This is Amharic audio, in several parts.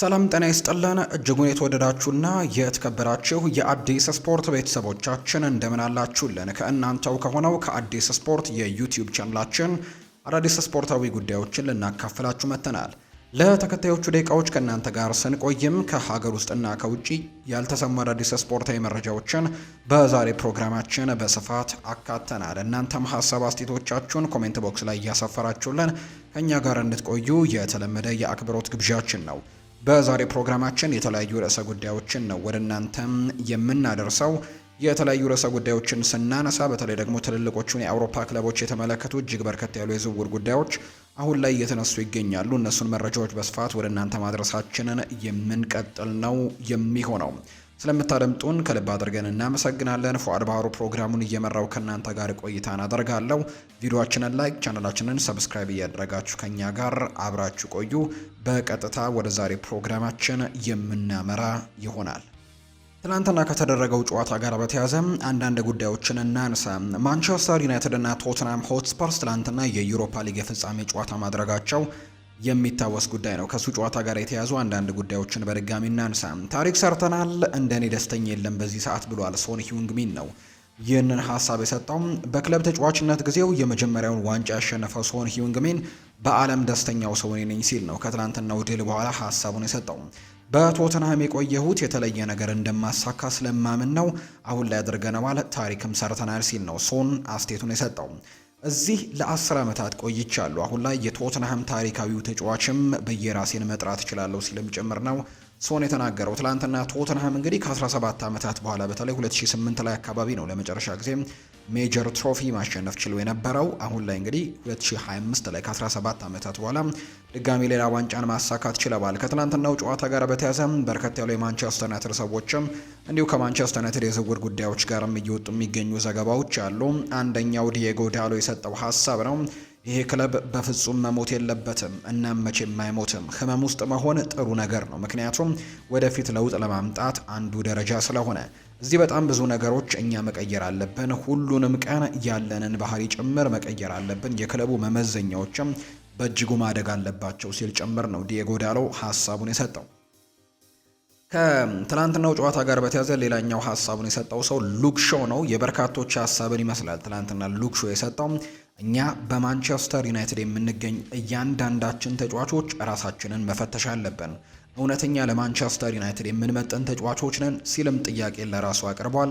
ሰላም ጤና ይስጥልን እጅጉን የተወደዳችሁና የተከበራችሁ የአዲስ ስፖርት ቤተሰቦቻችን እንደምን አላችሁልን? ከእናንተው ከሆነው ከአዲስ ስፖርት የዩቲዩብ ቻናላችን አዳዲስ ስፖርታዊ ጉዳዮችን ልናካፍላችሁ መጥተናል። ለተከታዮቹ ደቂቃዎች ከእናንተ ጋር ስንቆይም ከሀገር ውስጥና ከውጭ ያልተሰሙ አዳዲስ ስፖርታዊ መረጃዎችን በዛሬ ፕሮግራማችን በስፋት አካተናል። እናንተም ሀሳብ አስቴቶቻችሁን ኮሜንት ቦክስ ላይ እያሰፈራችሁልን ከእኛ ጋር እንድትቆዩ የተለመደ የአክብሮት ግብዣችን ነው። በዛሬ ፕሮግራማችን የተለያዩ ርዕሰ ጉዳዮችን ነው ወደ እናንተም የምናደርሰው። የተለያዩ ርዕሰ ጉዳዮችን ስናነሳ በተለይ ደግሞ ትልልቆቹን የአውሮፓ ክለቦች የተመለከቱ እጅግ በርከት ያሉ የዝውውር ጉዳዮች አሁን ላይ እየተነሱ ይገኛሉ። እነሱን መረጃዎች በስፋት ወደ እናንተ ማድረሳችንን የምንቀጥል ነው የሚሆነው። ስለምታደምጡን ከልብ አድርገን እናመሰግናለን። ፉአድ ባህሩ ፕሮግራሙን እየመራው ከእናንተ ጋር ቆይታን አደርጋለሁ። ቪዲዮችንን ላይክ፣ ቻናላችንን ሰብስክራይብ እያደረጋችሁ ከኛ ጋር አብራችሁ ቆዩ። በቀጥታ ወደ ዛሬ ፕሮግራማችን የምናመራ ይሆናል። ትናንትና ከተደረገው ጨዋታ ጋር በተያያዘ አንዳንድ ጉዳዮችን እናንሳ። ማንቸስተር ዩናይትድ እና ቶትናም ሆትስፐርስ ትናንትና የዩሮፓ ሊግ የፍጻሜ ጨዋታ ማድረጋቸው የሚታወስ ጉዳይ ነው። ከሱ ጨዋታ ጋር የተያዙ አንዳንድ ጉዳዮችን በድጋሚ እናንሳ። ታሪክ ሰርተናል፣ እንደ እኔ ደስተኛ የለም በዚህ ሰዓት ብሏል ሶን ሂዩንግ ሚን ነው ይህንን ሀሳብ የሰጠውም። በክለብ ተጫዋችነት ጊዜው የመጀመሪያውን ዋንጫ ያሸነፈው ሶን ሂዩንግ ሚን በዓለም ደስተኛው ሰው እኔ ነኝ ሲል ነው ከትላንትናው ድል በኋላ ሀሳቡን የሰጠው። በቶተንሃም የቆየሁት የተለየ ነገር እንደማሳካ ስለማምን ነው። አሁን ላይ አድርገነዋል፣ ታሪክም ሰርተናል ሲል ነው ሶን አስቴቱን የሰጠው። እዚህ ለአስር ዓመታት ቆይቻለሁ። አሁን ላይ የቶትንሃም ታሪካዊው ተጫዋችም በየራሴን መጥራት እችላለሁ ሲልም ጭምር ነው ሶን የተናገረው። ትላንትና ቶትንሃም እንግዲህ ከ17 ዓመታት በኋላ በተለይ 2008 ላይ አካባቢ ነው ለመጨረሻ ጊዜ ሜጀር ትሮፊ ማሸነፍ ችሎ የነበረው አሁን ላይ እንግዲህ 2025 ላይ ከ17 ዓመታት በኋላ ድጋሚ ሌላ ዋንጫን ማሳካት ችለዋል። ከትናንትናው ጨዋታ ጋር በተያዘ በርከት ያሉ የማንቸስተር ዩናይትድ ሰዎችም እንዲሁ ከማንቸስተር ዩናይትድ የዝውውር ጉዳዮች ጋርም እየወጡ የሚገኙ ዘገባዎች አሉ። አንደኛው ዲየጎ ዳሎ የሰጠው ሀሳብ ነው። ይሄ ክለብ በፍጹም መሞት የለበትም። እናም መቼም አይሞትም። ህመም ውስጥ መሆን ጥሩ ነገር ነው፣ ምክንያቱም ወደፊት ለውጥ ለማምጣት አንዱ ደረጃ ስለሆነ እዚህ በጣም ብዙ ነገሮች እኛ መቀየር አለብን። ሁሉንም ቀን ያለንን ባህሪ ጭምር መቀየር አለብን። የክለቡ መመዘኛዎችም በእጅጉ ማደግ አለባቸው ሲል ጭምር ነው ዲየጎ ዳሎ ሀሳቡን የሰጠው። ከትላንትናው ጨዋታ ጋር በተያዘ ሌላኛው ሀሳቡን የሰጠው ሰው ሉክ ሾ ነው። የበርካቶች ሀሳብን ይመስላል ትላንትና ሉክ ሾ የሰጠው እኛ በማንቸስተር ዩናይትድ የምንገኝ እያንዳንዳችን ተጫዋቾች ራሳችንን መፈተሽ አለብን እውነተኛ ለማንቸስተር ዩናይትድ የምንመጥን ተጫዋቾች ነን ሲልም ጥያቄ ለራሱ አቅርቧል።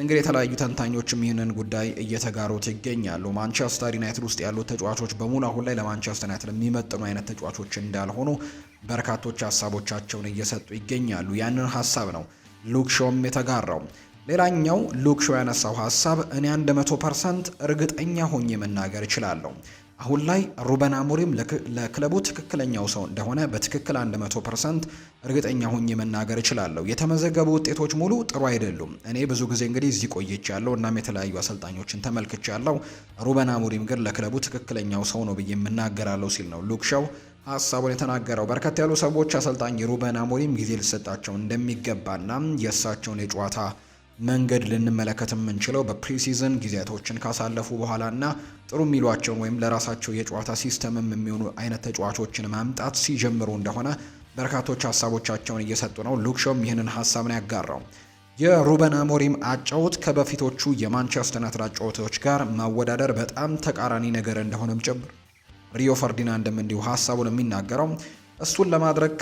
እንግዲህ የተለያዩ ተንታኞችም ይህንን ጉዳይ እየተጋሩት ይገኛሉ። ማንቸስተር ዩናይትድ ውስጥ ያሉት ተጫዋቾች በሙሉ አሁን ላይ ለማንቸስተር ዩናይትድ የሚመጥኑ አይነት ተጫዋቾች እንዳልሆኑ በርካቶች ሀሳቦቻቸውን እየሰጡ ይገኛሉ። ያንን ሀሳብ ነው ሉክ ሾም የተጋራው። ሌላኛው ሉክ ሾ ያነሳው ሀሳብ እኔ አንድ መቶ ፐርሰንት እርግጠኛ ሆኜ መናገር እችላለሁ አሁን ላይ ሩበን አሞሪም ለክለቡ ትክክለኛው ሰው እንደሆነ በትክክል 100 ፐርሰንት እርግጠኛ ሆኜ መናገር እችላለሁ። የተመዘገቡ ውጤቶች ሙሉ ጥሩ አይደሉም። እኔ ብዙ ጊዜ እንግዲህ እዚህ ቆይቻለሁ፣ እናም የተለያዩ አሰልጣኞችን ተመልክቻለሁ። ሩበን አሞሪም ግን ለክለቡ ትክክለኛው ሰው ነው ብዬ የምናገራለሁ ሲል ነው ሉክ ሀሳቡን የተናገረው። በርከት ያሉ ሰዎች አሰልጣኝ ሩበን አሞሪም ጊዜ ሊሰጣቸው እንደሚገባና የእሳቸውን የጨዋታ መንገድ ልንመለከት የምንችለው በፕሪሲዝን ጊዜያቶችን ካሳለፉ በኋላ ና ጥሩ የሚሏቸውን ወይም ለራሳቸው የጨዋታ ሲስተምም የሚሆኑ አይነት ተጫዋቾችን ማምጣት ሲጀምሩ እንደሆነ በርካቶች ሀሳቦቻቸውን እየሰጡ ነው። ሉክሾም ይህንን ሀሳብ ነው ያጋራው። የሩበን አሞሪም አጫውት ከበፊቶቹ የማንቸስተር ዩናይትድ አጫወቶች ጋር ማወዳደር በጣም ተቃራኒ ነገር እንደሆነም ጭምር ሪዮ ፈርዲናንድም እንዲሁ ሀሳቡን የሚናገረው እሱን ለማድረግ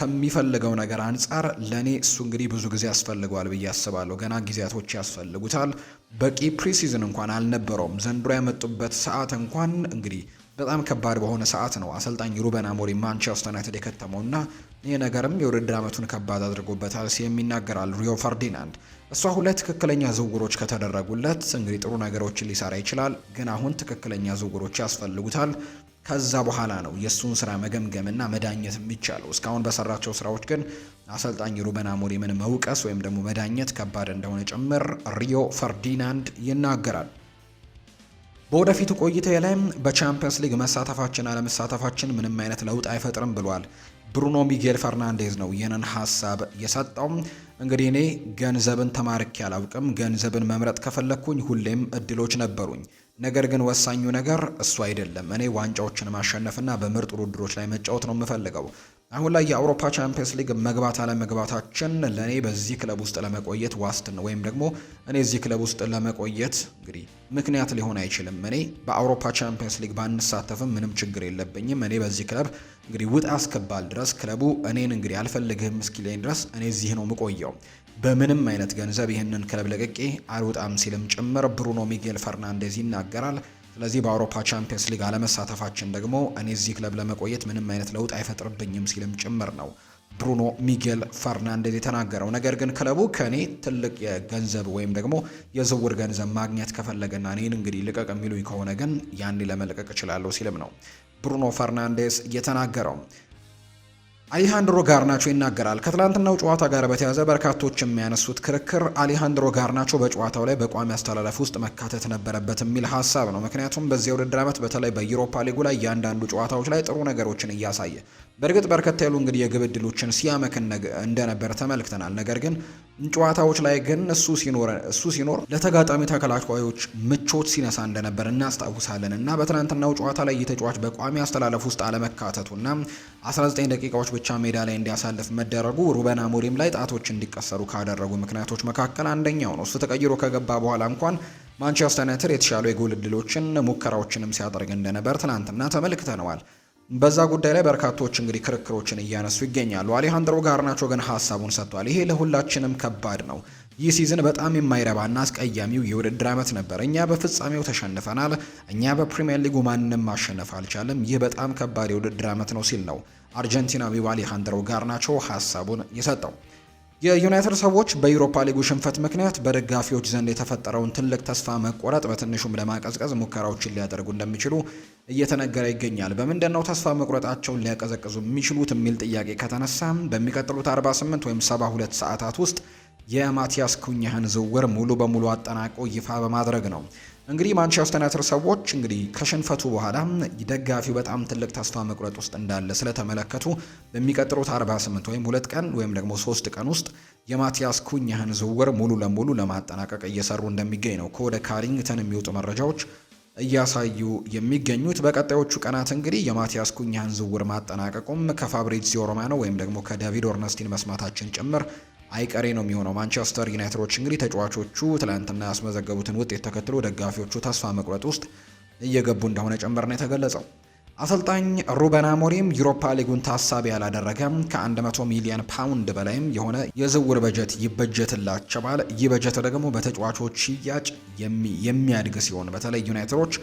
ከሚፈልገው ነገር አንጻር ለእኔ እሱ እንግዲህ ብዙ ጊዜ ያስፈልገዋል ብዬ አስባለሁ። ገና ጊዜያቶች ያስፈልጉታል። በቂ ፕሪሲዝን እንኳን አልነበረውም። ዘንድሮ ያመጡበት ሰዓት እንኳን እንግዲህ በጣም ከባድ በሆነ ሰዓት ነው አሰልጣኝ ሩበን አሞሪም ማንቸስተር ዩናይትድ የከተመውና ይህ ነገርም የውድድር ዓመቱን ከባድ አድርጎበታል ሲ የሚናገራል ሪዮ ፈርዲናንድ። እሷ ሁለት ትክክለኛ ዝውውሮች ከተደረጉለት እንግዲህ ጥሩ ነገሮችን ሊሰራ ይችላል። ግን አሁን ትክክለኛ ዝውውሮች ያስፈልጉታል። ከዛ በኋላ ነው የእሱን ስራ መገምገምና መዳኘት የሚቻለው። እስካሁን በሰራቸው ስራዎች ግን አሰልጣኝ ሩበን አሞሪምን መውቀስ ወይም ደግሞ መዳኘት ከባድ እንደሆነ ጭምር ሪዮ ፈርዲናንድ ይናገራል። በወደፊቱ ቆይታ ላይ በቻምፒየንስ ሊግ መሳተፋችን አለመሳተፋችን ምንም አይነት ለውጥ አይፈጥርም ብሏል። ብሩኖ ሚጌል ፈርናንዴዝ ነው ይህንን ሀሳብ የሰጠው። እንግዲህ እኔ ገንዘብን ተማርኬ አላውቅም። ገንዘብን መምረጥ ከፈለግኩኝ ሁሌም እድሎች ነበሩኝ። ነገር ግን ወሳኙ ነገር እሱ አይደለም። እኔ ዋንጫዎችን ማሸነፍና በምርጥ ውድድሮች ላይ መጫወት ነው የምፈልገው። አሁን ላይ የአውሮፓ ቻምፒየንስ ሊግ መግባት አለመግባታችን ለእኔ በዚህ ክለብ ውስጥ ለመቆየት ዋስትና ወይም ደግሞ እኔ እዚህ ክለብ ውስጥ ለመቆየት እንግዲህ ምክንያት ሊሆን አይችልም። እኔ በአውሮፓ ቻምፒየንስ ሊግ ባንሳተፍም ምንም ችግር የለብኝም። እኔ በዚህ ክለብ እንግዲህ ውጥ አስከባል ድረስ ክለቡ እኔን እንግዲህ አልፈልግህም እስኪለኝ ድረስ እኔ እዚህ ነው የምቆየው። በምንም አይነት ገንዘብ ይህንን ክለብ ለቅቄ አልወጣም ሲልም ጭምር ብሩኖ ሚጌል ፈርናንዴዝ ይናገራል። ስለዚህ በአውሮፓ ቻምፒየንስ ሊግ አለመሳተፋችን ደግሞ እኔ እዚህ ክለብ ለመቆየት ምንም አይነት ለውጥ አይፈጥርብኝም ሲልም ጭምር ነው ብሩኖ ሚጌል ፈርናንዴዝ የተናገረው። ነገር ግን ክለቡ ከእኔ ትልቅ የገንዘብ ወይም ደግሞ የዝውውር ገንዘብ ማግኘት ከፈለገና እኔን እንግዲህ ልቀቅ የሚሉኝ ከሆነ ግን ያኔ ለመልቀቅ እችላለሁ ሲልም ነው ብሩኖ ፈርናንዴዝ የተናገረው። አሊሃንድሮ ጋርናቾ ይናገራል። ከትላንትናው ጨዋታ ጋር በተያያዘ በርካቶች የሚያነሱት ክርክር አሊሃንድሮ ጋርናቾ በጨዋታው ላይ በቋሚ አስተላለፍ ውስጥ መካተት ነበረበት የሚል ሀሳብ ነው። ምክንያቱም በዚህ ውድድር ዓመት በተለይ በዩሮፓ ሊጉ ላይ እያንዳንዱ ጨዋታዎች ላይ ጥሩ ነገሮችን እያሳየ በእርግጥ በርከት ያሉ እንግዲህ የግብ ሲያመክ እንደነበር ተመልክተናል። ነገር ግን ጨዋታዎች ላይ ግን እሱ ሲኖር ለተጋጣሚ ተከላካዮች ምቾት ሲነሳ እንደነበር እናስታውሳለን እና በትናንትናው ጨዋታ ላይ የተጫዋች በቋሚ አስተላለፍ ውስጥ አለመካተቱና 19 ደቂቃዎች ብቻ ሜዳ ላይ እንዲያሳልፍ መደረጉ ሩበን አሞሪም ላይ ጣቶች እንዲቀሰሩ ካደረጉ ምክንያቶች መካከል አንደኛው ነው። እሱ ተቀይሮ ከገባ በኋላ እንኳን ማንቸስተር ዩናይትድ የተሻሉ የጎል ዕድሎችን ሙከራዎችንም ሲያደርግ እንደነበር ትናንትና ተመልክተነዋል። በዛ ጉዳይ ላይ በርካቶች እንግዲህ ክርክሮችን እያነሱ ይገኛሉ። አሌሃንድሮ ጋርናቾ ግን ሀሳቡን ሰጥቷል። ይሄ ለሁላችንም ከባድ ነው። ይህ ሲዝን በጣም የማይረባና አስቀያሚው የውድድር ዓመት ነበር። እኛ በፍጻሜው ተሸንፈናል። እኛ በፕሪምየር ሊጉ ማንም ማሸነፍ አልቻለም። ይህ በጣም ከባድ የውድድር ዓመት ነው ሲል ነው አርጀንቲናዊው አሌሃንድሮ ጋርናቾ ሀሳቡን የሰጠው። የዩናይትድ ሰዎች በዩሮፓ ሊጉ ሽንፈት ምክንያት በደጋፊዎች ዘንድ የተፈጠረውን ትልቅ ተስፋ መቆረጥ በትንሹም ለማቀዝቀዝ ሙከራዎችን ሊያደርጉ እንደሚችሉ እየተነገረ ይገኛል። በምንድን ነው ተስፋ መቁረጣቸውን ሊያቀዘቅዙ የሚችሉት የሚል ጥያቄ ከተነሳ በሚቀጥሉት 48 ወይም 72 ሰዓታት ውስጥ የማቲያስ ኩኛህን ዝውውር ሙሉ በሙሉ አጠናቆ ይፋ በማድረግ ነው። እንግዲህ ማንቸስተር ዩናይትድ ሰዎች እንግዲህ ከሽንፈቱ በኋላ ደጋፊው በጣም ትልቅ ተስፋ መቁረጥ ውስጥ እንዳለ ስለተመለከቱ በሚቀጥሉት 48 ወይም ሁለት ቀን ወይም ደግሞ ሶስት ቀን ውስጥ የማቲያስ ኩኛህን ዝውውር ሙሉ ለሙሉ ለማጠናቀቅ እየሰሩ እንደሚገኝ ነው ከወደ ካሪንግተን የሚወጡ መረጃዎች እያሳዩ የሚገኙት። በቀጣዮቹ ቀናት እንግዲህ የማቲያስ ኩኛህን ዝውውር ማጠናቀቁም ከፋብሪዚዮ ሮማኖ ወይም ደግሞ ከዳቪድ ኦርነስቲን መስማታችን ጭምር አይቀሬ ነው የሚሆነው። ማንቸስተር ዩናይትዶች እንግዲህ ተጫዋቾቹ ትላንትና ያስመዘገቡትን ውጤት ተከትሎ ደጋፊዎቹ ተስፋ መቁረጥ ውስጥ እየገቡ እንደሆነ ጭምር ነው የተገለጸው። አሰልጣኝ ሩበን አሞሪም ዩሮፓ ሊጉን ታሳቢ ያላደረገ ከ100 ሚሊዮን ፓውንድ በላይም የሆነ የዝውውር በጀት ይበጀትላቸዋል። ይህ በጀት ደግሞ በተጫዋቾች ሽያጭ የሚያድግ ሲሆን በተለይ ዩናይትዶች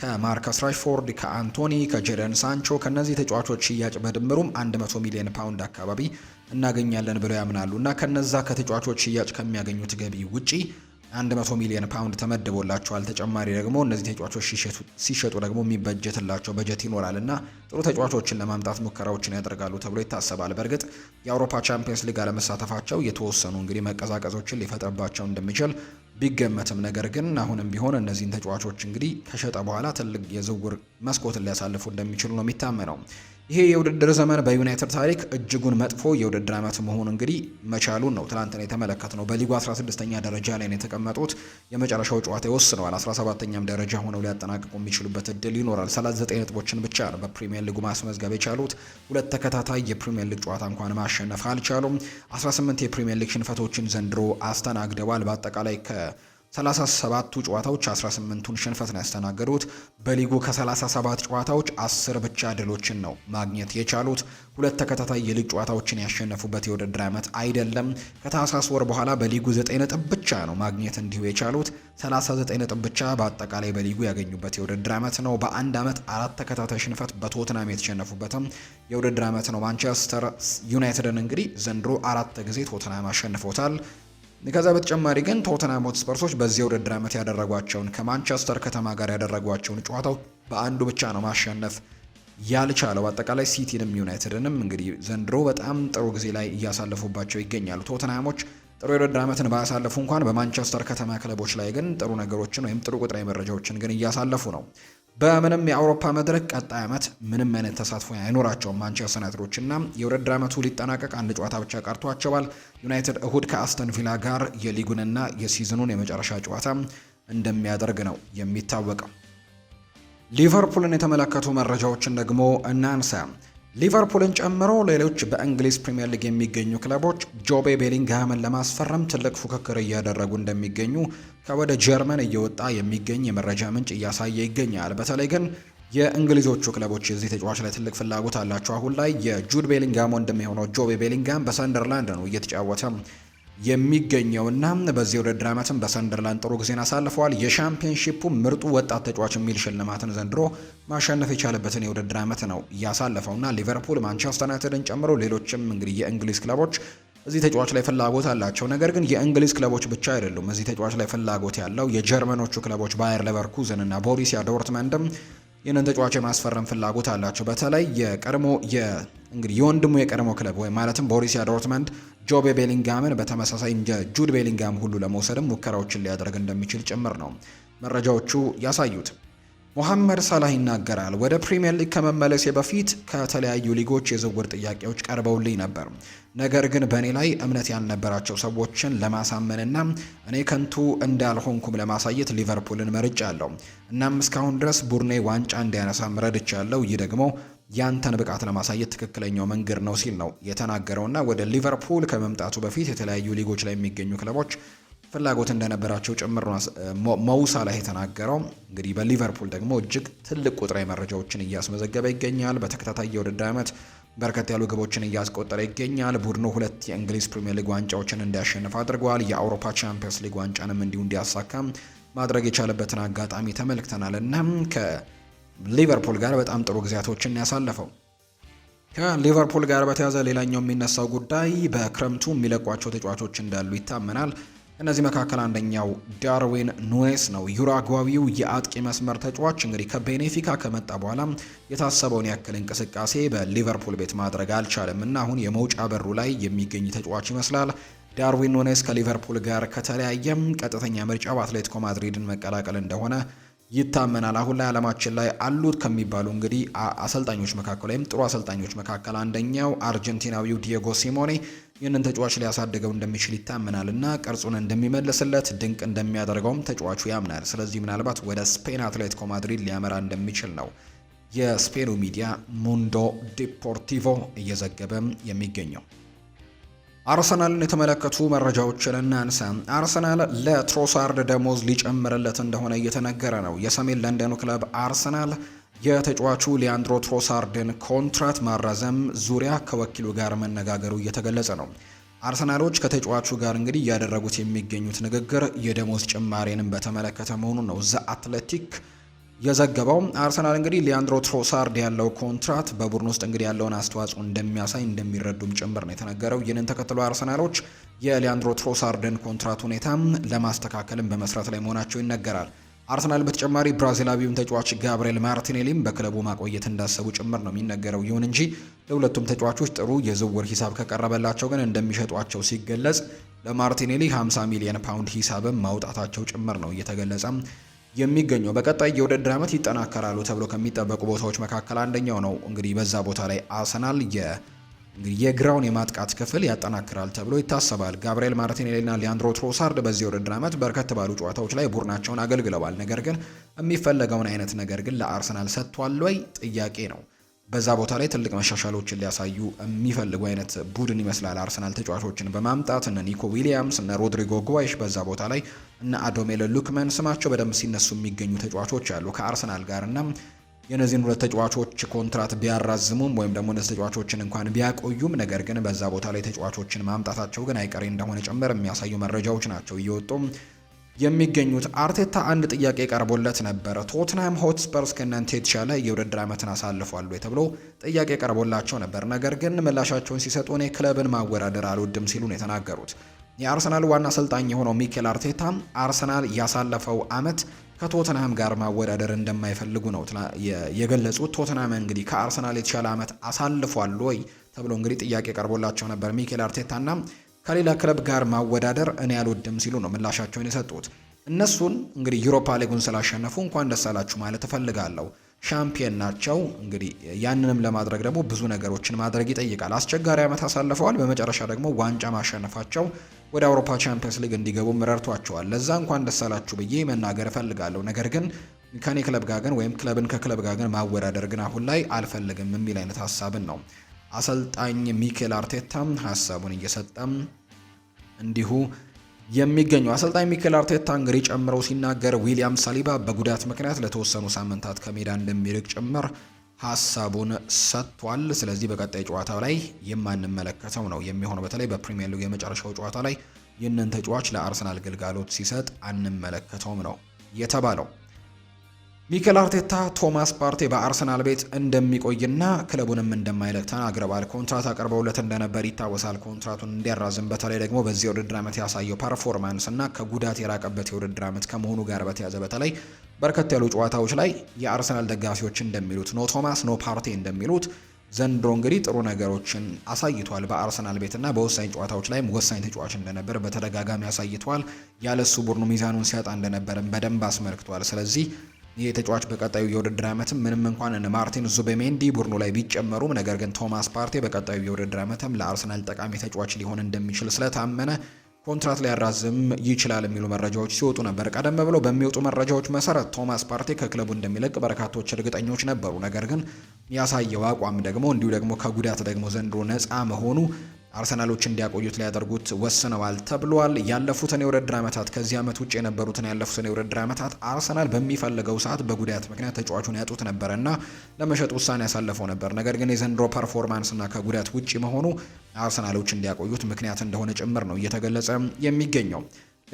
ከማርከስ ራሽፎርድ፣ ከአንቶኒ፣ ከጀደን ሳንቾ ከእነዚህ ተጫዋቾች ሽያጭ በድምሩም 100 ሚሊዮን ፓውንድ አካባቢ እናገኛለን ብለው ያምናሉ እና ከነዛ ከተጫዋቾች ሽያጭ ከሚያገኙት ገቢ ውጪ 100 ሚሊዮን ፓውንድ ተመድቦላቸዋል። ተጨማሪ ደግሞ እነዚህ ተጫዋቾች ሲሸጡ ደግሞ የሚበጀትላቸው በጀት ይኖራል እና ጥሩ ተጫዋቾችን ለማምጣት ሙከራዎችን ያደርጋሉ ተብሎ ይታሰባል። በእርግጥ የአውሮፓ ቻምፒየንስ ሊግ አለመሳተፋቸው የተወሰኑ እንግዲህ መቀዛቀዞችን ሊፈጥርባቸው እንደሚችል ቢገመትም ነገር ግን አሁንም ቢሆን እነዚህን ተጫዋቾች እንግዲህ ከሸጠ በኋላ ትልቅ የዝውውር መስኮትን ሊያሳልፉ እንደሚችሉ ነው የሚታመነው። ይሄ የውድድር ዘመን በዩናይትድ ታሪክ እጅጉን መጥፎ የውድድር ዓመት መሆኑ እንግዲህ መቻሉን ነው ትናንትና የተመለከት ነው። በሊጉ 16ኛ ደረጃ ላይ ነው የተቀመጡት የመጨረሻው ጨዋታ ይወስነዋል። 17ኛም ደረጃ ሆነው ሊያጠናቅቁ የሚችሉበት እድል ይኖራል። 39 ነጥቦችን ብቻ ነው በፕሪሚየር ሊጉ ማስመዝገብ የቻሉት። ሁለት ተከታታይ የፕሪሚየር ሊግ ጨዋታ እንኳን ማሸነፍ አልቻሉም። 18 የፕሪሚየር ሊግ ሽንፈቶችን ዘንድሮ አስተናግደዋል። በአጠቃላይ ከ 37ቱ ጨዋታዎች 18ቱን ሽንፈት ነው ያስተናገዱት። በሊጉ ከ37 ጨዋታዎች 10 ብቻ ድሎችን ነው ማግኘት የቻሉት። ሁለት ተከታታይ የሊግ ጨዋታዎችን ያሸነፉበት የውድድር ዓመት አይደለም። ከታህሳስ ወር በኋላ በሊጉ 9 ነጥብ ብቻ ነው ማግኘት እንዲሁ የቻሉት። 39 ነጥብ ብቻ በአጠቃላይ በሊጉ ያገኙበት የውድድር ዓመት ነው። በአንድ ዓመት አራት ተከታታይ ሽንፈት በቶትናም የተሸነፉበትም የውድድር ዓመት ነው። ማንቸስተር ዩናይትድን እንግዲህ ዘንድሮ አራት ጊዜ ቶትናም አሸንፎታል። ከዛ በተጨማሪ ግን ቶተንሃም ሆትስፐርሶች በዚህ የውድድር ዓመት ያደረጓቸውን ከማንቸስተር ከተማ ጋር ያደረጓቸውን ጨዋታው በአንዱ ብቻ ነው ማሸነፍ ያልቻለው። አጠቃላይ ሲቲንም ዩናይትድንም እንግዲህ ዘንድሮ በጣም ጥሩ ጊዜ ላይ እያሳለፉባቸው ይገኛሉ። ቶተናሞች ጥሩ የውድድር ዓመትን ባያሳለፉ እንኳን በማንቸስተር ከተማ ክለቦች ላይ ግን ጥሩ ነገሮችን ወይም ጥሩ ቁጥራዊ መረጃዎችን ግን እያሳለፉ ነው። በምንም የአውሮፓ መድረክ ቀጣይ ዓመት ምንም አይነት ተሳትፎ አይኖራቸውም። ማንቸስተር ዩናይትዶችና የውድድር ዓመቱ ሊጠናቀቅ አንድ ጨዋታ ብቻ ቀርቷቸዋል። ዩናይትድ እሁድ ከአስተን ቪላ ጋር የሊጉንና የሲዝኑን የመጨረሻ ጨዋታ እንደሚያደርግ ነው የሚታወቀው። ሊቨርፑልን የተመለከቱ መረጃዎችን ደግሞ እናንሳ። ሊቨርፑልን ጨምሮ ሌሎች በእንግሊዝ ፕሪምየር ሊግ የሚገኙ ክለቦች ጆቤ ቤሊንግሃምን ለማስፈረም ትልቅ ፉክክር እያደረጉ እንደሚገኙ ከወደ ጀርመን እየወጣ የሚገኝ የመረጃ ምንጭ እያሳየ ይገኛል። በተለይ ግን የእንግሊዞቹ ክለቦች የዚህ ተጫዋች ላይ ትልቅ ፍላጎት አላቸው። አሁን ላይ የጁድ ቤሊንግሃም ወንድም የሆነው ጆቤ ቤሊንግሃም በሰንደርላንድ ነው እየተጫወተ የሚገኘውና በዚህ ውድድር ዓመትም በሰንደርላንድ ጥሩ ጊዜን አሳልፈዋል። የሻምፒዮንሺፑ ምርጡ ወጣት ተጫዋች የሚል ሽልማትን ዘንድሮ ማሸነፍ የቻለበትን የውድድር ዓመት ነው እያሳለፈውና ሊቨርፑል፣ ማንቸስተር ዩናይትድን ጨምሮ ሌሎችም እንግዲህ የእንግሊዝ ክለቦች እዚህ ተጫዋች ላይ ፍላጎት አላቸው። ነገር ግን የእንግሊዝ ክለቦች ብቻ አይደሉም እዚህ ተጫዋች ላይ ፍላጎት ያለው የጀርመኖቹ ክለቦች ባየር ለቨርኩዘን እና ቦሪሲያ ዶርትመንድም ይህንን ተጫዋች የማስፈረም ፍላጎት አላቸው። በተለይ የቀድሞ እንግዲህ የወንድሙ የቀድሞ ክለብ ወይ ማለትም ቦሪሲያ ዶርትመንድ ጆቤ ቤሊንጋምን በተመሳሳይ እንደ ጁድ ቤሊንጋም ሁሉ ለመውሰድም ሙከራዎችን ሊያደርግ እንደሚችል ጭምር ነው መረጃዎቹ ያሳዩት። ሞሐመድ ሳላህ ይናገራል። ወደ ፕሪምየር ሊግ ከመመለሴ በፊት ከተለያዩ ሊጎች የዝውውር ጥያቄዎች ቀርበውልኝ ነበር። ነገር ግን በእኔ ላይ እምነት ያልነበራቸው ሰዎችን ለማሳመንና እኔ ከንቱ እንዳልሆንኩም ለማሳየት ሊቨርፑልን መርጫ አለው። እናም እስካሁን ድረስ ቡድኔ ዋንጫ እንዲያነሳም ረድቻለሁ። ይህ ደግሞ ያንተን ብቃት ለማሳየት ትክክለኛው መንገድ ነው ሲል ነው የተናገረውና ወደ ሊቨርፑል ከመምጣቱ በፊት የተለያዩ ሊጎች ላይ የሚገኙ ክለቦች ፍላጎት እንደነበራቸው ጭምር መውሳ ላይ የተናገረው። እንግዲህ በሊቨርፑል ደግሞ እጅግ ትልቅ ቁጥራዊ መረጃዎችን እያስመዘገበ ይገኛል። በተከታታይ የውድድር ዓመት በርከት ያሉ ግቦችን እያስቆጠረ ይገኛል። ቡድኑ ሁለት የእንግሊዝ ፕሪምየር ሊግ ዋንጫዎችን እንዲያሸንፍ አድርጓል። የአውሮፓ ቻምፒየንስ ሊግ ዋንጫንም እንዲሁ እንዲያሳካም ማድረግ የቻለበትን አጋጣሚ ተመልክተናል ከ ሊቨርፑል ጋር በጣም ጥሩ ጊዜያቶችን ያሳለፈው። ከሊቨርፑል ጋር በተያዘ ሌላኛው የሚነሳው ጉዳይ በክረምቱ የሚለቋቸው ተጫዋቾች እንዳሉ ይታመናል። እነዚህ መካከል አንደኛው ዳርዊን ኑዌስ ነው። ዩራጓዊው የአጥቂ መስመር ተጫዋች እንግዲህ ከቤኔፊካ ከመጣ በኋላ የታሰበውን ያክል እንቅስቃሴ በሊቨርፑል ቤት ማድረግ አልቻለም እና አሁን የመውጫ በሩ ላይ የሚገኝ ተጫዋች ይመስላል። ዳርዊን ኑኔስ ከሊቨርፑል ጋር ከተለያየም ቀጥተኛ ምርጫው አትሌቲኮ ማድሪድን መቀላቀል እንደሆነ ይታመናል። አሁን ላይ ዓለማችን ላይ አሉት ከሚባሉ እንግዲህ አሰልጣኞች መካከል ወይም ጥሩ አሰልጣኞች መካከል አንደኛው አርጀንቲናዊው ዲየጎ ሲሞኔ ይህንን ተጫዋች ሊያሳድገው እንደሚችል ይታመናል እና ቅርጹን እንደሚመልስለት ድንቅ እንደሚያደርገውም ተጫዋቹ ያምናል። ስለዚህ ምናልባት ወደ ስፔን አትሌቲኮ ማድሪድ ሊያመራ እንደሚችል ነው የስፔኑ ሚዲያ ሙንዶ ዲፖርቲቮ እየዘገበም የሚገኘው። አርሰናልን የተመለከቱ መረጃዎችን እናንሳ። አርሰናል ለትሮሳርድ ደሞዝ ሊጨምርለት እንደሆነ እየተነገረ ነው። የሰሜን ለንደኑ ክለብ አርሰናል የተጫዋቹ ሊያንድሮ ትሮሳርድን ኮንትራት ማራዘም ዙሪያ ከወኪሉ ጋር መነጋገሩ እየተገለጸ ነው። አርሰናሎች ከተጫዋቹ ጋር እንግዲህ እያደረጉት የሚገኙት ንግግር የደሞዝ ጭማሬንም በተመለከተ መሆኑን ነው ዘ አትሌቲክ የዘገበው አርሰናል እንግዲህ ሊያንድሮ ትሮሳርድ ያለው ኮንትራት በቡድን ውስጥ እንግዲህ ያለውን አስተዋጽኦ እንደሚያሳይ እንደሚረዱም ጭምር ነው የተነገረው። ይህንን ተከትሎ አርሰናሎች የሊያንድሮ ትሮሳርድን ኮንትራት ሁኔታ ለማስተካከልም በመስራት ላይ መሆናቸው ይነገራል። አርሰናል በተጨማሪ ብራዚላዊውን ተጫዋች ጋብርኤል ማርቲኔሊም በክለቡ ማቆየት እንዳሰቡ ጭምር ነው የሚነገረው። ይሁን እንጂ ለሁለቱም ተጫዋቾች ጥሩ የዝውውር ሂሳብ ከቀረበላቸው ግን እንደሚሸጧቸው ሲገለጽ፣ ለማርቲኔሊ 50 ሚሊዮን ፓውንድ ሂሳብም ማውጣታቸው ጭምር ነው እየተገለጸ የሚገኘው በቀጣይ የውድድር ዓመት ይጠናከራሉ ተብሎ ከሚጠበቁ ቦታዎች መካከል አንደኛው ነው። እንግዲህ በዛ ቦታ ላይ አርሰናል የግራውን የማጥቃት ክፍል ያጠናክራል ተብሎ ይታሰባል። ጋብርኤል ማርቲኔሊና ሊያንድሮ ትሮሳርድ በዚህ ውድድር ዓመት በርከት ባሉ ጨዋታዎች ላይ ቡድናቸውን አገልግለዋል። ነገር ግን የሚፈለገውን አይነት ነገር ግን ለአርሰናል ሰጥቷል ወይ ጥያቄ ነው። በዛ ቦታ ላይ ትልቅ መሻሻሎችን ሊያሳዩ የሚፈልጉ አይነት ቡድን ይመስላል። አርሰናል ተጫዋቾችን በማምጣት እነ ኒኮ ዊሊያምስ እነ ሮድሪጎ ጉዋይሽ በዛ ቦታ ላይ እነ አዶሜል ሉክመን ስማቸው በደንብ ሲነሱ የሚገኙ ተጫዋቾች አሉ ከአርሰናል ጋር እና የእነዚህን ሁለት ተጫዋቾች ኮንትራት ቢያራዝሙም ወይም ደግሞ እነዚህ ተጫዋቾችን እንኳን ቢያቆዩም ነገር ግን በዛ ቦታ ላይ ተጫዋቾችን ማምጣታቸው ግን አይቀሬ እንደሆነ ጭምር የሚያሳዩ መረጃዎች ናቸው እየወጡም የሚገኙት አርቴታ አንድ ጥያቄ ቀርቦለት ነበረ። ቶትንሃም ሆትስፐርስ ከእናንተ የተሻለ የውድድር ዓመትን አሳልፏሉ ተብሎ ጥያቄ ቀርቦላቸው ነበር። ነገር ግን ምላሻቸውን ሲሰጡ እኔ ክለብን ማወዳደር አልወድም ሲሉ ነው የተናገሩት። የአርሰናል ዋና አሰልጣኝ የሆነው ሚኬል አርቴታ አርሰናል ያሳለፈው አመት ከቶትንሃም ጋር ማወዳደር እንደማይፈልጉ ነው የገለጹት። ቶትንሃም እንግዲህ ከአርሰናል የተሻለ አመት አሳልፏል ወይ ተብሎ እንግዲህ ጥያቄ ቀርቦላቸው ነበር ሚኬል አርቴታና ከሌላ ክለብ ጋር ማወዳደር እኔ አልወድም ሲሉ ነው ምላሻቸውን የሰጡት። እነሱን እንግዲህ ዩሮፓ ሊጉን ስላሸነፉ እንኳን ደስ አላችሁ ማለት እፈልጋለሁ። ሻምፒየን ናቸው። እንግዲህ ያንንም ለማድረግ ደግሞ ብዙ ነገሮችን ማድረግ ይጠይቃል። አስቸጋሪ ዓመት አሳልፈዋል። በመጨረሻ ደግሞ ዋንጫ ማሸነፋቸው ወደ አውሮፓ ቻምፒየንስ ሊግ እንዲገቡ ምረርቷቸዋል። ለዛ እንኳን ደስ አላችሁ ብዬ መናገር እፈልጋለሁ። ነገር ግን ከኔ ክለብ ጋር ግን ወይም ክለብን ከክለብ ጋር ግን ማወዳደር ግን አሁን ላይ አልፈልግም የሚል አይነት ሀሳብን ነው አሰልጣኝ ሚኬል አርቴታ ሀሳቡን እየሰጠ እንዲሁ የሚገኘው አሰልጣኝ ሚኬል አርቴታ እንግዲህ ጨምረው ሲናገር ዊሊያም ሳሊባ በጉዳት ምክንያት ለተወሰኑ ሳምንታት ከሜዳ እንደሚርቅ ጭምር ሀሳቡን ሰጥቷል። ስለዚህ በቀጣይ ጨዋታው ላይ የማንመለከተው ነው የሚሆነው። በተለይ በፕሪሚየር ሊግ የመጨረሻው ጨዋታ ላይ ይህንን ተጫዋች ለአርሰናል ግልጋሎት ሲሰጥ አንመለከተውም ነው የተባለው። ሚኬል አርቴታ ቶማስ ፓርቴ በአርሰናል ቤት እንደሚቆይና ክለቡንም እንደማይለቅ ተናግረዋል። ኮንትራት አቅርበውለት እንደነበር ይታወሳል። ኮንትራቱን እንዲያራዝም በተለይ ደግሞ በዚህ የውድድር ዓመት ያሳየው ፐርፎርማንስ እና ከጉዳት የራቀበት የውድድር ዓመት ከመሆኑ ጋር በተያዘ በተለይ በርከት ያሉ ጨዋታዎች ላይ የአርሰናል ደጋፊዎች እንደሚሉት ኖ ቶማስ ኖ ፓርቴ እንደሚሉት ዘንድሮ እንግዲህ ጥሩ ነገሮችን አሳይቷል። በአርሰናል ቤትና በወሳኝ ጨዋታዎች ላይም ወሳኝ ተጫዋች እንደነበር በተደጋጋሚ አሳይቷል። ያለሱ ቡድኑ ሚዛኑን ሲያጣ እንደነበርም በደንብ አስመልክቷል። ስለዚህ ይህ ተጫዋች በቀጣዩ የውድድር ዓመትም ምንም እንኳን እነ ማርቲን ዙቤሜንዲ ቡድኑ ላይ ቢጨመሩም ነገር ግን ቶማስ ፓርቴ በቀጣዩ የውድድር ዓመትም ለአርሰናል ጠቃሚ ተጫዋች ሊሆን እንደሚችል ስለታመነ ኮንትራት ሊያራዝም ይችላል የሚሉ መረጃዎች ሲወጡ ነበር። ቀደም ብለው በሚወጡ መረጃዎች መሰረት ቶማስ ፓርቴ ከክለቡ እንደሚለቅ በርካቶች እርግጠኞች ነበሩ። ነገር ግን ያሳየው አቋም ደግሞ እንዲሁ ደግሞ ከጉዳት ደግሞ ዘንድሮ ነፃ መሆኑ አርሰናሎች እንዲያቆዩት ሊያደርጉት ወስነዋል ተብሏል። ያለፉትን የውድድር ዓመታት ከዚህ ዓመት ውጭ የነበሩትን ያለፉትን የውድድር ዓመታት አርሰናል በሚፈልገው ሰዓት በጉዳት ምክንያት ተጫዋቹን ያጡት ነበር ለመሸጥ ውሳኔ ያሳለፈው ነበር። ነገር ግን የዘንድሮ ፐርፎርማንስ ከጉዳት ውጭ መሆኑ አርሰናሎች እንዲያቆዩት ምክንያት እንደሆነ ጭምር ነው እየተገለጸ የሚገኘው።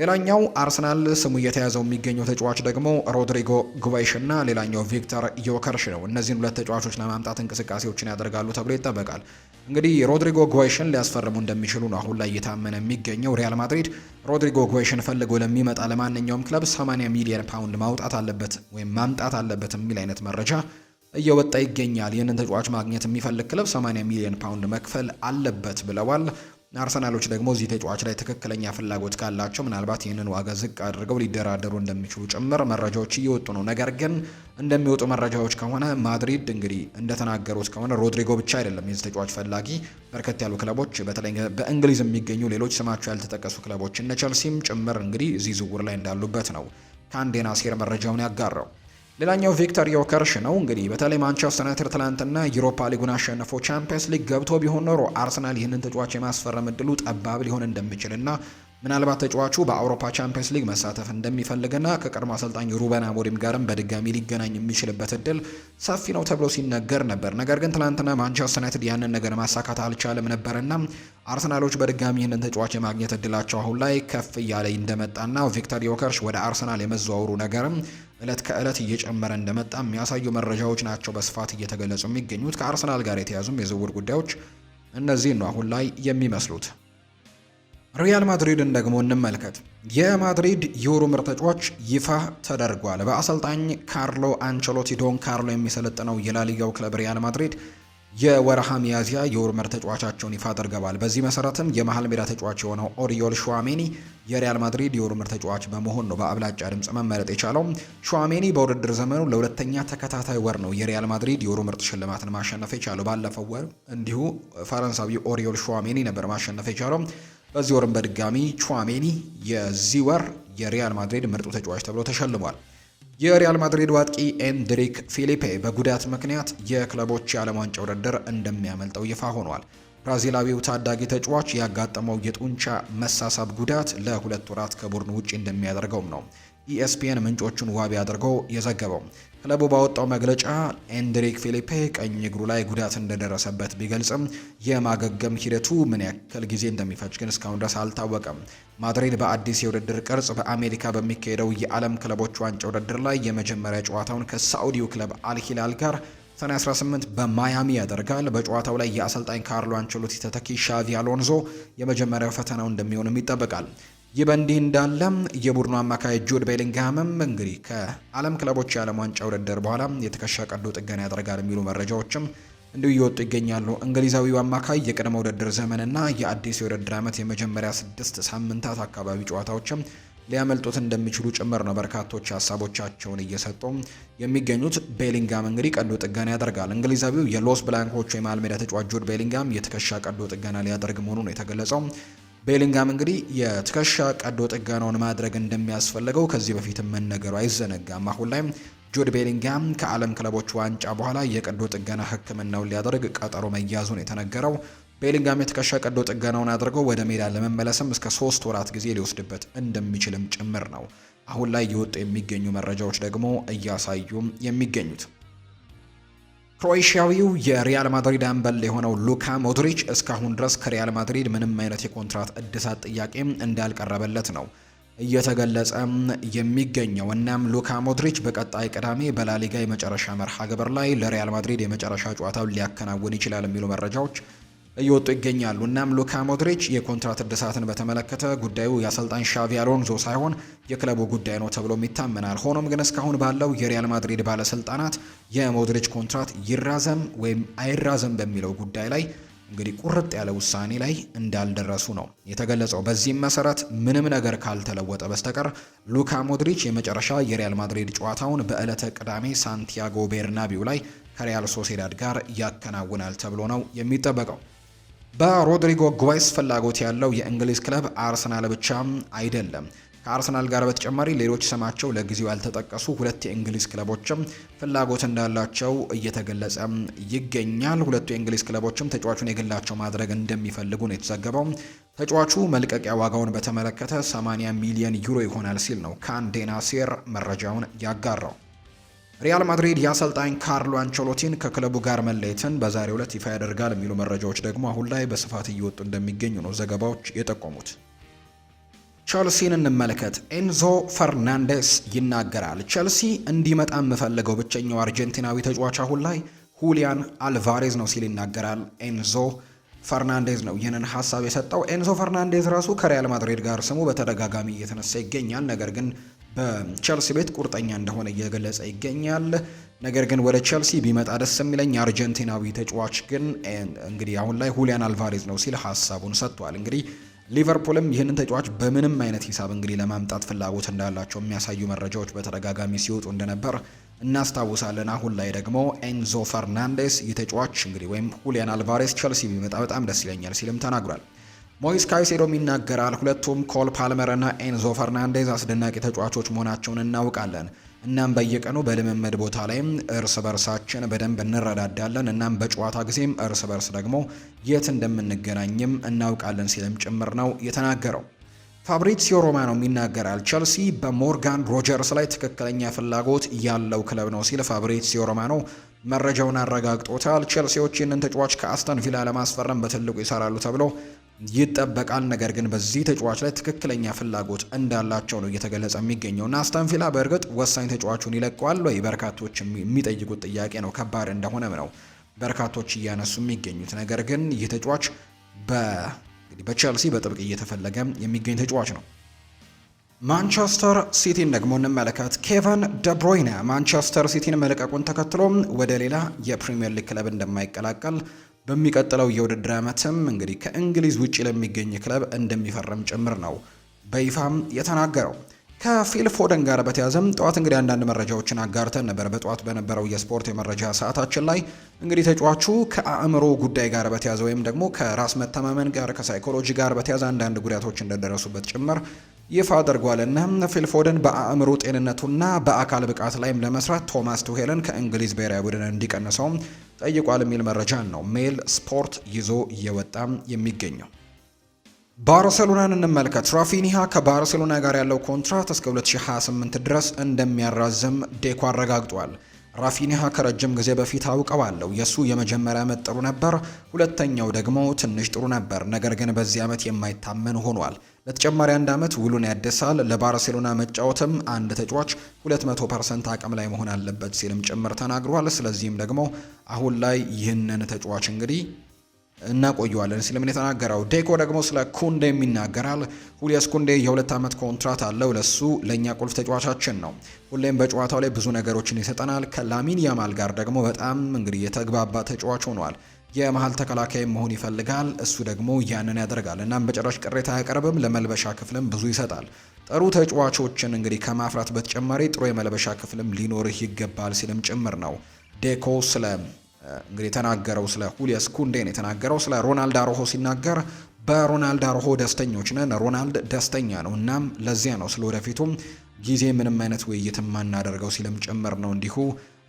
ሌላኛው አርሰናል ስሙ እየተያዘው የሚገኘው ተጫዋች ደግሞ ሮድሪጎ ጉባይሽ እና ሌላኛው ቪክተር ዮከርሽ ነው። እነዚህን ሁለት ተጫዋቾች ለማምጣት እንቅስቃሴዎችን ያደርጋሉ ተብሎ ይጠበቃል። እንግዲህ ሮድሪጎ ጓይሽን ሊያስፈርሙ እንደሚችሉ ነው አሁን ላይ እየታመነ የሚገኘው። ሪያል ማድሪድ ሮድሪጎ ጓይሽን ፈልጎ ለሚመጣ ለማንኛውም ክለብ 80 ሚሊዮን ፓውንድ ማውጣት አለበት ወይም ማምጣት አለበት የሚል አይነት መረጃ እየወጣ ይገኛል። ይህንን ተጫዋች ማግኘት የሚፈልግ ክለብ 80 ሚሊዮን ፓውንድ መክፈል አለበት ብለዋል። አርሰናሎች ደግሞ እዚህ ተጫዋች ላይ ትክክለኛ ፍላጎት ካላቸው ምናልባት ይህንን ዋጋ ዝቅ አድርገው ሊደራደሩ እንደሚችሉ ጭምር መረጃዎች እየወጡ ነው። ነገር ግን እንደሚወጡ መረጃዎች ከሆነ ማድሪድ እንግዲህ እንደተናገሩት ከሆነ ሮድሪጎ ብቻ አይደለም የዚህ ተጫዋች ፈላጊ። በርከት ያሉ ክለቦች በተለይ በእንግሊዝ የሚገኙ ሌሎች ስማቸው ያልተጠቀሱ ክለቦች እነ ቸልሲም ጭምር እንግዲህ እዚህ ዝውውር ላይ እንዳሉበት ነው ካንዴና ሴር መረጃውን ያጋራው። ሌላኛው ቪክተር ዮከርሽ ነው። እንግዲህ በተለይ ማንቸስተር ዩናይትድ ትላንትና ዩሮፓ ሊጉን አሸንፎ ቻምፒየንስ ሊግ ገብቶ ቢሆን ኖሮ አርሰናል ይህንን ተጫዋች የማስፈረም እድሉ ጠባብ ሊሆን እንደሚችልና ምናልባት ተጫዋቹ በአውሮፓ ቻምፒየንስ ሊግ መሳተፍ እንደሚፈልግና ከቀድሞ አሰልጣኝ ሩበን አሞሪም ጋርም በድጋሚ ሊገናኝ የሚችልበት እድል ሰፊ ነው ተብሎ ሲነገር ነበር። ነገር ግን ትናንትና ማንቸስተር ዩናይትድ ያንን ነገር ማሳካት አልቻለም ነበርና አርሰናሎች በድጋሚ ይህንን ተጫዋች የማግኘት እድላቸው አሁን ላይ ከፍ እያለ እንደመጣና ቪክተር ዮከርሽ ወደ አርሰናል የመዘዋወሩ ነገርም እለት ከእለት እየጨመረ እንደመጣ የሚያሳዩ መረጃዎች ናቸው በስፋት እየተገለጹ የሚገኙት። ከአርሰናል ጋር የተያዙም የዝውውር ጉዳዮች እነዚህ ነው አሁን ላይ የሚመስሉት። ሪያል ማድሪድን ደግሞ እንመልከት። የማድሪድ የወሩ ምርጥ ተጫዋች ይፋ ተደርጓል። በአሰልጣኝ ካርሎ አንቸሎቲ ዶን ካርሎ የሚሰለጥነው የላሊጋው ክለብ ሪያል ማድሪድ የወርሃ ሚያዝያ የዩሮ ምርጥ ተጫዋቻቸውን ይፋ አድርገዋል። በዚህ መሰረትም የመሃል ሜዳ ተጫዋች የሆነው ኦሪዮል ሹዋሜኒ የሪያል ማድሪድ የዩሮ ምርጥ ተጫዋች በመሆን ነው በአብላጫ ድምጽ መመረጥ የቻለው። ሹዋሜኒ በውድድር ዘመኑ ለሁለተኛ ተከታታይ ወር ነው የሪያል ማድሪድ የዩሮ ምርጥ ሽልማትን ማሸነፍ የቻለው። ባለፈው ወር እንዲሁ ፈረንሳዊ ኦሪዮል ሹዋሜኒ ነበር ማሸነፍ የቻለው። በዚህ ወርም በድጋሚ ቹዋሜኒ የዚህ ወር የሪያል ማድሪድ ምርጡ ተጫዋች ተብሎ ተሸልሟል። የሪያል ማድሪድ ዋጥቂ ኤንድሪክ ፊሊፔ በጉዳት ምክንያት የክለቦች የዓለም ዋንጫ ውድድር እንደሚያመልጠው ይፋ ሆኗል። ብራዚላዊው ታዳጊ ተጫዋች ያጋጠመው የጡንቻ መሳሳብ ጉዳት ለሁለት ወራት ከቡድኑ ውጭ እንደሚያደርገውም ነው ኢኤስፒኤን ምንጮቹን ዋቢ አድርጎ የዘገበው። ክለቡ ባወጣው መግለጫ ኤንድሪክ ፊሊፔ ቀኝ እግሩ ላይ ጉዳት እንደደረሰበት ቢገልጽም የማገገም ሂደቱ ምን ያክል ጊዜ እንደሚፈጅ ግን እስካሁን ድረስ አልታወቀም። ማድሪድ በአዲስ የውድድር ቅርጽ በአሜሪካ በሚካሄደው የዓለም ክለቦች ዋንጫ ውድድር ላይ የመጀመሪያ ጨዋታውን ከሳዑዲው ክለብ አልሂላል ጋር ሰኔ 18 በማያሚ ያደርጋል። በጨዋታው ላይ የአሰልጣኝ ካርሎ አንቸሎቲ ተተኪ ሻቪ አሎንዞ የመጀመሪያው ፈተናው እንደሚሆንም ይጠበቃል። ይህ በእንዲህ እንዳለ የቡድኑ አማካይ ጁድ ቤሊንግሃምም እንግዲህ ከዓለም ክለቦች የዓለም ዋንጫ ውድድር በኋላ የትከሻ ቀዶ ጥገና ያደርጋል የሚሉ መረጃዎችም እንዲሁ እየወጡ ይገኛሉ። እንግሊዛዊው አማካይ የቅድመ ውድድር ዘመንና የአዲስ የውድድር ዓመት የመጀመሪያ ስድስት ሳምንታት አካባቢ ጨዋታዎችም ሊያመልጡት እንደሚችሉ ጭምር ነው በርካቶች ሀሳቦቻቸውን እየሰጡ የሚገኙት። ቤሊንጋም እንግዲህ ቀዶ ጥገና ያደርጋል። እንግሊዛዊው የሎስ ብላንኮች የመሃል ሜዳ ተጫዋች ጁድ ቤሊንጋም የትከሻ ቀዶ ጥገና ሊያደርግ መሆኑ ነው የተገለጸው። ቤሊንጋም እንግዲህ የትከሻ ቀዶ ጥገናውን ማድረግ እንደሚያስፈልገው ከዚህ በፊትም መነገሩ አይዘነጋም። አሁን ላይ ጁድ ቤሊንጋም ከዓለም ክለቦች ዋንጫ በኋላ የቀዶ ጥገና ሕክምናውን ሊያደርግ ቀጠሮ መያዙን የተነገረው ቤሊንጋም የትከሻ ቀዶ ጥገናውን አድርገው ወደ ሜዳ ለመመለስም እስከ ሶስት ወራት ጊዜ ሊወስድበት እንደሚችልም ጭምር ነው አሁን ላይ የወጡ የሚገኙ መረጃዎች ደግሞ እያሳዩ የሚገኙት። ክሮኤሽያዊው የሪያል ማድሪድ አምበል የሆነው ሉካ ሞድሪች እስካሁን ድረስ ከሪያል ማድሪድ ምንም አይነት የኮንትራት እድሳት ጥያቄ እንዳልቀረበለት ነው እየተገለጸ የሚገኘው። እናም ሉካ ሞድሪች በቀጣይ ቅዳሜ በላሊጋ የመጨረሻ መርሃ ግብር ላይ ለሪያል ማድሪድ የመጨረሻ ጨዋታው ሊያከናውን ይችላል የሚሉ መረጃዎች እየወጡ ይገኛሉ። እናም ሉካ ሞድሪች የኮንትራት እድሳትን በተመለከተ ጉዳዩ የአሰልጣኝ ሻቪ አሎንዞ ሳይሆን የክለቡ ጉዳይ ነው ተብሎም ይታመናል። ሆኖም ግን እስካሁን ባለው የሪያል ማድሪድ ባለስልጣናት የሞድሪች ኮንትራት ይራዘም ወይም አይራዘም በሚለው ጉዳይ ላይ እንግዲህ ቁርጥ ያለ ውሳኔ ላይ እንዳልደረሱ ነው የተገለጸው። በዚህም መሰረት ምንም ነገር ካልተለወጠ በስተቀር ሉካ ሞድሪች የመጨረሻ የሪያል ማድሪድ ጨዋታውን በዕለተ ቅዳሜ ሳንቲያጎ ቤርናቢው ላይ ከሪያል ሶሴዳድ ጋር ያከናውናል ተብሎ ነው የሚጠበቀው። በሮድሪጎ ጎይስ ፍላጎት ያለው የእንግሊዝ ክለብ አርሰናል ብቻ አይደለም። ከአርሰናል ጋር በተጨማሪ ሌሎች ስማቸው ለጊዜው ያልተጠቀሱ ሁለት የእንግሊዝ ክለቦችም ፍላጎት እንዳላቸው እየተገለጸ ይገኛል። ሁለቱ የእንግሊዝ ክለቦችም ተጫዋቹን የግላቸው ማድረግ እንደሚፈልጉ ነው የተዘገበው። ተጫዋቹ መልቀቂያ ዋጋውን በተመለከተ 80 ሚሊዮን ዩሮ ይሆናል ሲል ነው ካንዴናሴር መረጃውን ያጋራው። ሪያል ማድሪድ የአሰልጣኝ ካርሎ አንቸሎቲን ከክለቡ ጋር መለየትን በዛሬው ዕለት ይፋ ያደርጋል የሚሉ መረጃዎች ደግሞ አሁን ላይ በስፋት እየወጡ እንደሚገኙ ነው ዘገባዎች የጠቆሙት። ቸልሲን እንመልከት። ኤንዞ ፈርናንዴስ ይናገራል። ቸልሲ እንዲመጣ የምፈልገው ብቸኛው አርጀንቲናዊ ተጫዋች አሁን ላይ ሁሊያን አልቫሬዝ ነው ሲል ይናገራል ኤንዞ ፈርናንዴዝ ነው ይህንን ሀሳብ የሰጠው። ኤንዞ ፈርናንዴዝ ራሱ ከሪያል ማድሪድ ጋር ስሙ በተደጋጋሚ እየተነሳ ይገኛል። ነገር ግን በቸልሲ ቤት ቁርጠኛ እንደሆነ እየገለጸ ይገኛል። ነገር ግን ወደ ቸልሲ ቢመጣ ደስ የሚለኝ አርጀንቲናዊ ተጫዋች ግን እንግዲህ አሁን ላይ ሁሊያን አልቫሬዝ ነው ሲል ሀሳቡን ሰጥቷል። እንግዲህ ሊቨርፑልም ይህንን ተጫዋች በምንም አይነት ሂሳብ እንግዲህ ለማምጣት ፍላጎት እንዳላቸው የሚያሳዩ መረጃዎች በተደጋጋሚ ሲወጡ እንደነበር እናስታውሳለን። አሁን ላይ ደግሞ ኤንዞ ፈርናንዴስ ይህ ተጫዋች እንግዲህ ወይም ሁሊያን አልቫሬስ ቸልሲ ቢመጣ በጣም ደስ ይለኛል ሲልም ተናግሯል። ሞይስ ካይሴዶም ይናገራል። ሁለቱም ኮል ፓልመርና ኤንዞ ፈርናንዴዝ አስደናቂ ተጫዋቾች መሆናቸውን እናውቃለን። እናም በየቀኑ በልምምድ ቦታ ላይም እርስ በርሳችን በደንብ እንረዳዳለን። እናም በጨዋታ ጊዜም እርስ በርስ ደግሞ የት እንደምንገናኝም እናውቃለን ሲልም ጭምር ነው የተናገረው። ፋብሪዚዮ ነው ይናገራል። ቸልሲ በሞርጋን ሮጀርስ ላይ ትክክለኛ ፍላጎት ያለው ክለብ ነው ሲል ፋብሪዚዮ ሮማኖ መረጃውን አረጋግጦታል። ቸልሲዎች ይህንን ተጫዋች ከአስተን ቪላ ለማስፈረም በትልቁ ይሰራሉ ተብሎ ይጠበቃል። ነገር ግን በዚህ ተጫዋች ላይ ትክክለኛ ፍላጎት እንዳላቸው ነው እየተገለጸ የሚገኘው እና አስተን በእርግጥ ወሳኝ ተጫዋቹን ይለቀዋል ወይ? በርካቶች የሚጠይቁት ጥያቄ ነው። ከባድ እንደሆነም ነው በርካቶች እያነሱ የሚገኙት። ነገር ግን ይህ ተጫዋች በቼልሲ በጥብቅ እየተፈለገ የሚገኝ ተጫዋች ነው። ማንቸስተር ሲቲን ደግሞ እንመለከት። ኬቨን ደብሮይነ ማንቸስተር ሲቲን መልቀቁን ተከትሎ ወደ ሌላ የፕሪምየር ሊግ ክለብ እንደማይቀላቀል በሚቀጥለው የውድድር ዓመትም እንግዲህ ከእንግሊዝ ውጭ ለሚገኝ ክለብ እንደሚፈርም ጭምር ነው በይፋም የተናገረው። ከፊል ፎደን ጋር በተያዘም ጠዋት እንግዲህ አንዳንድ መረጃዎችን አጋርተን ነበር። በጠዋት በነበረው የስፖርት የመረጃ ሰዓታችን ላይ እንግዲህ ተጫዋቹ ከአእምሮ ጉዳይ ጋር በተያዘ ወይም ደግሞ ከራስ መተማመን ጋር ከሳይኮሎጂ ጋር በተያዘ አንዳንድ ጉዳቶች እንደደረሱበት ጭምር ይፋ አድርጓልና ፊል ፎደን በአእምሮ ጤንነቱና በአካል ብቃት ላይም ለመስራት ቶማስ ቱሄልን ከእንግሊዝ ብሔራዊ ቡድን እንዲቀንሰውም ጠይቋል የሚል መረጃን ነው ሜል ስፖርት ይዞ እየወጣም የሚገኘው። ባርሰሎናን እንመልከት። ራፊኒሃ ከባርሰሎና ጋር ያለው ኮንትራት እስከ 2028 ድረስ እንደሚያራዝም ዴኮ አረጋግጧል። ራፊኒሃ ከረጅም ጊዜ በፊት አውቀዋለሁ። የእሱ የመጀመሪያ ዓመት ጥሩ ነበር፣ ሁለተኛው ደግሞ ትንሽ ጥሩ ነበር። ነገር ግን በዚህ ዓመት የማይታመን ሆኗል። ለተጨማሪ አንድ ዓመት ውሉን ያደሳል። ለባርሴሎና መጫወትም አንድ ተጫዋች 200 ፐርሰንት አቅም ላይ መሆን አለበት ሲልም ጭምር ተናግሯል። ስለዚህም ደግሞ አሁን ላይ ይህንን ተጫዋች እንግዲህ እናቆየዋለን ሲልም የተናገረው ዴኮ ደግሞ ስለ ኩንዴም የሚናገራል። ሁሊያስ ኩንዴ የሁለት ዓመት ኮንትራት አለው። ለሱ ለእኛ ቁልፍ ተጫዋቻችን ነው። ሁሌም በጨዋታው ላይ ብዙ ነገሮችን ይሰጠናል። ከላሚን ያማል ጋር ደግሞ በጣም እንግዲህ የተግባባ ተጫዋች ሆኗል። የመሀል ተከላካይ መሆን ይፈልጋል። እሱ ደግሞ ያንን ያደርጋል። እናም በጭራሽ ቅሬታ አያቀርብም። ለመልበሻ ክፍልም ብዙ ይሰጣል። ጥሩ ተጫዋቾችን እንግዲህ ከማፍራት በተጨማሪ ጥሩ የመልበሻ ክፍልም ሊኖርህ ይገባል ሲልም ጭምር ነው ዴኮ ስለ እንግዲህ የተናገረው ስለ ሁሊየስ ኩንዴን የተናገረው ስለ ሮናልድ አሮሆ ሲናገር በሮናልድ አሮሆ ደስተኞች ነን። ሮናልድ ደስተኛ ነው። እናም ለዚያ ነው ስለ ወደፊቱም ጊዜ ምንም አይነት ውይይት የማናደርገው ሲልም ጭምር ነው እንዲሁ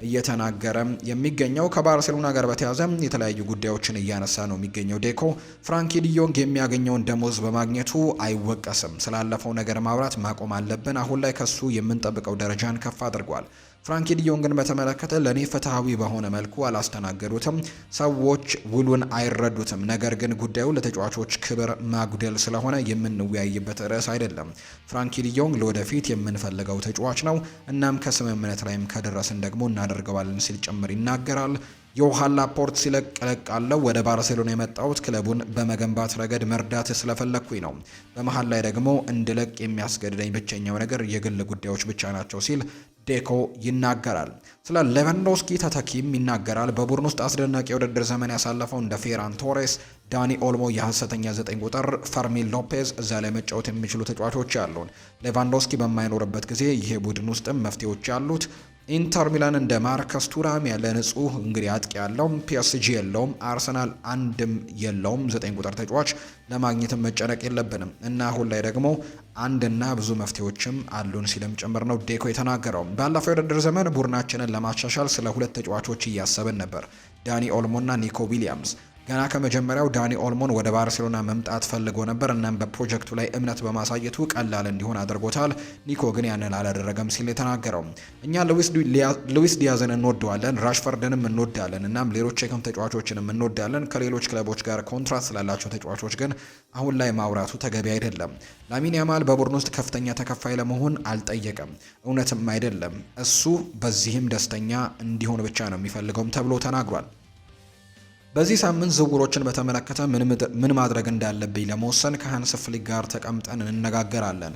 እየተናገረ የሚገኘው ከባርሴሎና ጋር በተያዘ የተለያዩ ጉዳዮችን እያነሳ ነው የሚገኘው። ዴኮ ፍራንኪ ዲዮንግ የሚያገኘውን ደሞዝ በማግኘቱ አይወቀስም። ስላለፈው ነገር ማውራት ማቆም አለብን። አሁን ላይ ከሱ የምንጠብቀው ደረጃን ከፍ አድርጓል። ፍራንኪ ዲዮንግን በተመለከተ ለእኔ ፍትሐዊ በሆነ መልኩ አላስተናገዱትም። ሰዎች ውሉን አይረዱትም። ነገር ግን ጉዳዩ ለተጫዋቾች ክብር ማጉደል ስለሆነ የምንወያይበት ርዕስ አይደለም። ፍራንኪ ዲዮንግ ለወደፊት የምንፈልገው ተጫዋች ነው። እናም ከስምምነት ላይም ከደረስን ደግሞ እናደርገዋለን ሲል ጭምር ይናገራል። የውሃላ ፖርት ሲለቀለቃለው ወደ ባርሴሎና የመጣሁት ክለቡን በመገንባት ረገድ መርዳት ስለፈለግኩኝ ነው። በመሀል ላይ ደግሞ እንድለቅ የሚያስገድደኝ ብቸኛው ነገር የግል ጉዳዮች ብቻ ናቸው ሲል ዴኮ ይናገራል። ስለ ሌቫንዶስኪ ተተኪም ይናገራል። በቡድን ውስጥ አስደናቂ የውድድር ዘመን ያሳለፈው እንደ ፌራን ቶሬስ፣ ዳኒ ኦልሞ፣ የሐሰተኛ ዘጠኝ ቁጥር ፈርሚን ሎፔዝ እዛ ላይ መጫወት የሚችሉ ተጫዋቾች አሉን። ሌቫንዶስኪ በማይኖርበት ጊዜ ይሄ ቡድን ውስጥም መፍትሄዎች ያሉት ኢንተር ሚላን እንደ ማርከስ ቱራም ያለ ንጹህ እንግዲህ አጥቂ ያለውም ፒኤስጂ የለውም፣ አርሰናል አንድም የለውም። ዘጠኝ ቁጥር ተጫዋች ለማግኘትም መጨነቅ የለብንም እና አሁን ላይ ደግሞ አንድና ብዙ መፍትሄዎችም አሉን ሲልም ጭምር ነው ዴኮ የተናገረው። ባለፈው የውድድር ዘመን ቡድናችንን ለማሻሻል ስለ ሁለት ተጫዋቾች እያሰብን ነበር፣ ዳኒ ኦልሞና ኒኮ ዊሊያምስ ገና ከመጀመሪያው ዳኒ ኦልሞን ወደ ባርሴሎና መምጣት ፈልጎ ነበር። እናም በፕሮጀክቱ ላይ እምነት በማሳየቱ ቀላል እንዲሆን አድርጎታል። ኒኮ ግን ያንን አላደረገም ሲል የተናገረው እኛ ሉዊስ ዲያዝን እንወደዋለን፣ ራሽፈርድንም እንወዳለን፣ እናም ሌሎች የክም ተጫዋቾችንም እንወዳለን። ከሌሎች ክለቦች ጋር ኮንትራት ስላላቸው ተጫዋቾች ግን አሁን ላይ ማውራቱ ተገቢ አይደለም። ላሚን ያማል በቡድን ውስጥ ከፍተኛ ተከፋይ ለመሆን አልጠየቀም፣ እውነትም አይደለም። እሱ በዚህም ደስተኛ እንዲሆን ብቻ ነው የሚፈልገውም ተብሎ ተናግሯል። በዚህ ሳምንት ዝውውሮችን በተመለከተ ምን ማድረግ እንዳለብኝ ለመወሰን ከሀንስ ፍሊክ ጋር ተቀምጠን እንነጋገራለን።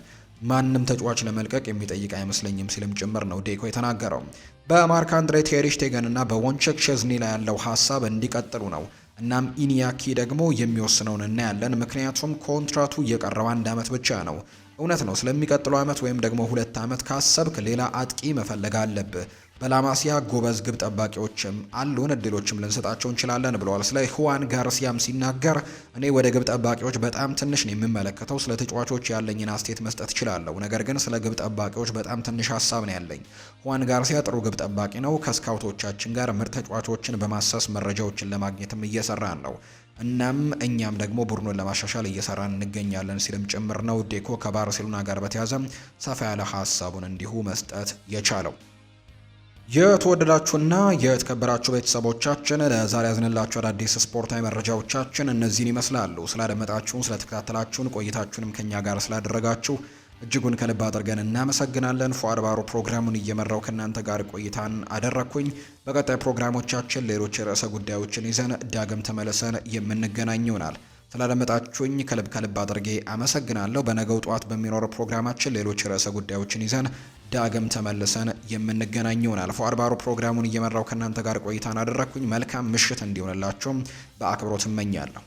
ማንም ተጫዋች ለመልቀቅ የሚጠይቅ አይመስለኝም ሲልም ጭምር ነው ዴኮ የተናገረው። በማርክ አንድሬ ቴሪሽቴገን እና በወንቸክ ሸዝኒ ላይ ያለው ሀሳብ እንዲቀጥሉ ነው። እናም ኢኒያኪ ደግሞ የሚወስነውን እናያለን። ምክንያቱም ኮንትራቱ እየቀረበ አንድ ዓመት ብቻ ነው። እውነት ነው። ስለሚቀጥለው ዓመት ወይም ደግሞ ሁለት ዓመት ካሰብክ ሌላ አጥቂ መፈለግ አለብህ። በላማሲያ ጎበዝ ግብ ጠባቂዎችም አሉን፣ እድሎችም ልንሰጣቸው እንችላለን ብለዋል። ስለ ሁዋን ጋርሲያም ሲናገር እኔ ወደ ግብ ጠባቂዎች በጣም ትንሽ ነው የምመለከተው። ስለ ተጫዋቾች ያለኝን አስተያየት መስጠት እችላለሁ፣ ነገር ግን ስለ ግብ ጠባቂዎች በጣም ትንሽ ሀሳብ ነው ያለኝ። ሁዋን ጋርሲያ ጥሩ ግብ ጠባቂ ነው። ከስካውቶቻችን ጋር ምርጥ ተጫዋቾችን በማሳስ መረጃዎችን ለማግኘትም እየሰራን ነው። እናም እኛም ደግሞ ቡድኑን ለማሻሻል እየሰራን እንገኛለን ሲልም ጭምር ነው ዴኮ ከባርሴሎና ጋር በተያያዘ ሰፋ ያለ ሀሳቡን እንዲሁ መስጠት የቻለው። የተወደዳችሁና የተከበራችሁ ቤተሰቦቻችን ለዛሬ ያዝንላችሁ አዳዲስ ስፖርታዊ መረጃዎቻችን እነዚህን ይመስላሉ። ስላደመጣችሁን፣ ስለተከታተላችሁን ቆይታችሁንም ከኛ ጋር ስላደረጋችሁ እጅጉን ከልብ አድርገን እናመሰግናለን። ፏድ ባሮ ፕሮግራሙን እየመራው ከእናንተ ጋር ቆይታን አደረግኩኝ። በቀጣይ ፕሮግራሞቻችን ሌሎች ርዕሰ ጉዳዮችን ይዘን ዳግም ተመልሰን የምንገናኝ ይሆናል። ስላደመጣችሁኝ ከልብ ከልብ አድርጌ አመሰግናለሁ። በነገው ጠዋት በሚኖር ፕሮግራማችን ሌሎች ርዕሰ ጉዳዮችን ይዘን ዳግም ተመልሰን የምንገናኝ ይሆናል። ፎአድ ፕሮግራሙን እየመራው ከእናንተ ጋር ቆይታን አደረግኩኝ። መልካም ምሽት እንዲሆንላችሁም በአክብሮት እመኛለሁ።